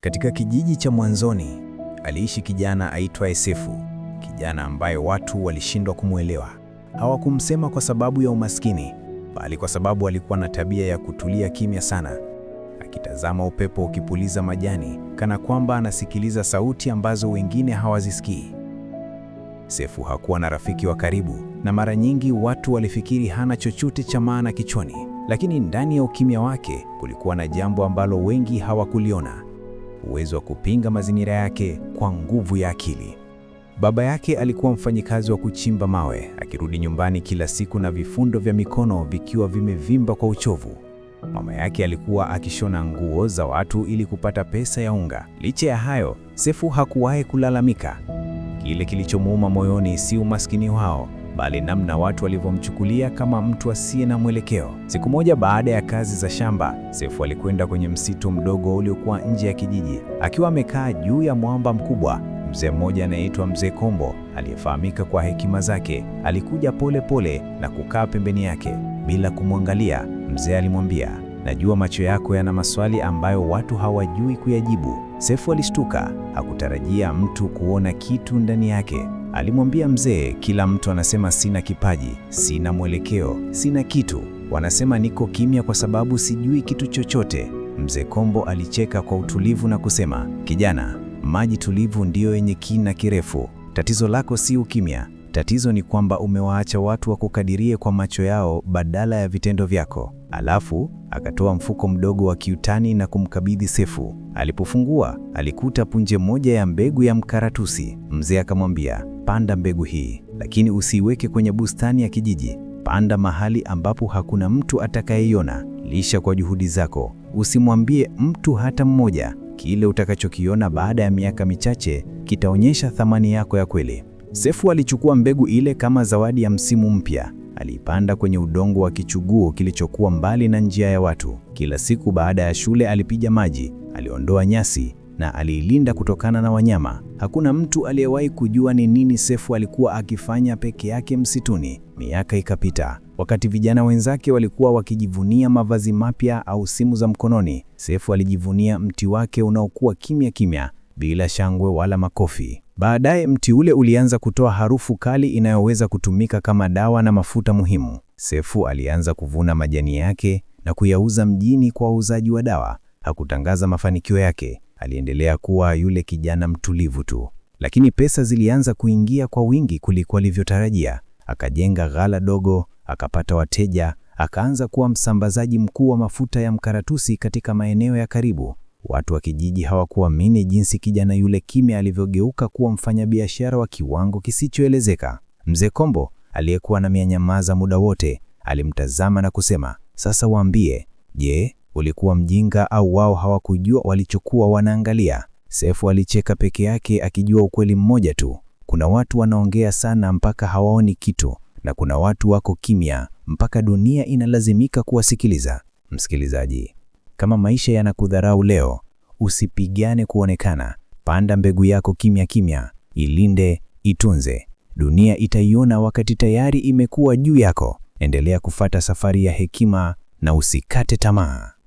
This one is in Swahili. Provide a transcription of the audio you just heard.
Katika kijiji cha Mwanzoni aliishi kijana aitwaye Sefu, kijana ambaye watu walishindwa kumwelewa. Hawakumsema kwa sababu ya umaskini, bali kwa sababu alikuwa na tabia ya kutulia kimya sana, akitazama upepo ukipuliza majani kana kwamba anasikiliza sauti ambazo wengine hawazisikii. Sefu hakuwa na rafiki wa karibu, na mara nyingi watu walifikiri hana chochote cha maana kichwani, lakini ndani ya ukimya wake kulikuwa na jambo ambalo wengi hawakuliona uwezo wa kupinga mazingira yake kwa nguvu ya akili. Baba yake alikuwa mfanyikazi wa kuchimba mawe, akirudi nyumbani kila siku na vifundo vya mikono vikiwa vimevimba kwa uchovu. Mama yake alikuwa akishona nguo za watu ili kupata pesa ya unga. Licha ya hayo, Sefu hakuwahi kulalamika. Kile kilichomuuma moyoni si umaskini wao, bali namna watu walivyomchukulia kama mtu asiye na mwelekeo. Siku moja baada ya kazi za shamba, Sefu alikwenda kwenye msitu mdogo uliokuwa nje ya kijiji. Akiwa amekaa juu ya mwamba mkubwa, mzee mmoja anayeitwa Mzee Kombo aliyefahamika kwa hekima zake alikuja pole pole na kukaa pembeni yake bila kumwangalia. Mzee alimwambia, najua macho yako yana maswali ambayo watu hawajui kuyajibu. Sefu alishtuka, hakutarajia mtu kuona kitu ndani yake. Alimwambia mzee, kila mtu anasema sina kipaji, sina mwelekeo, sina kitu. Wanasema niko kimya kwa sababu sijui kitu chochote. Mzee Kombo alicheka kwa utulivu na kusema, kijana, maji tulivu ndiyo yenye kina kirefu. Tatizo lako si ukimya, tatizo ni kwamba umewaacha watu wakukadirie kwa macho yao badala ya vitendo vyako. Alafu akatoa mfuko mdogo wa kiutani na kumkabidhi Sefu. Alipofungua alikuta punje moja ya mbegu ya mkaratusi. Mzee akamwambia panda mbegu hii, lakini usiiweke kwenye bustani ya kijiji. Panda mahali ambapo hakuna mtu atakayeiona. Lisha kwa juhudi zako, usimwambie mtu hata mmoja. Kile utakachokiona baada ya miaka michache kitaonyesha thamani yako ya kweli. Sefu alichukua mbegu ile kama zawadi ya msimu mpya. Alipanda kwenye udongo wa kichuguu kilichokuwa mbali na njia ya watu. Kila siku baada ya shule alipiga maji, aliondoa nyasi na aliilinda kutokana na wanyama. Hakuna mtu aliyewahi kujua ni nini Sefu alikuwa akifanya peke yake msituni. Miaka ikapita. Wakati vijana wenzake walikuwa wakijivunia mavazi mapya au simu za mkononi, Sefu alijivunia mti wake unaokuwa kimya kimya bila shangwe wala makofi. Baadaye mti ule ulianza kutoa harufu kali inayoweza kutumika kama dawa na mafuta muhimu. Sefu alianza kuvuna majani yake na kuyauza mjini kwa wauzaji wa dawa. Hakutangaza mafanikio yake, aliendelea kuwa yule kijana mtulivu tu, lakini pesa zilianza kuingia kwa wingi kuliko alivyotarajia. Akajenga ghala dogo, akapata wateja, akaanza kuwa msambazaji mkuu wa mafuta ya mkaratusi katika maeneo ya karibu. Watu wa kijiji hawakuamini jinsi kijana yule kimya alivyogeuka kuwa mfanyabiashara wa kiwango kisichoelezeka. Mzee Kombo aliyekuwa na mianyamaza muda wote alimtazama na kusema, sasa waambie, je, ulikuwa mjinga au wao hawakujua walichokuwa wanaangalia. Sefu alicheka peke yake akijua ukweli mmoja tu. Kuna watu wanaongea sana mpaka hawaoni kitu na kuna watu wako kimya mpaka dunia inalazimika kuwasikiliza. Msikilizaji, kama maisha yanakudharau leo, usipigane kuonekana. Panda mbegu yako kimya kimya, ilinde, itunze. Dunia itaiona wakati tayari imekuwa juu yako. Endelea kufata safari ya hekima na usikate tamaa.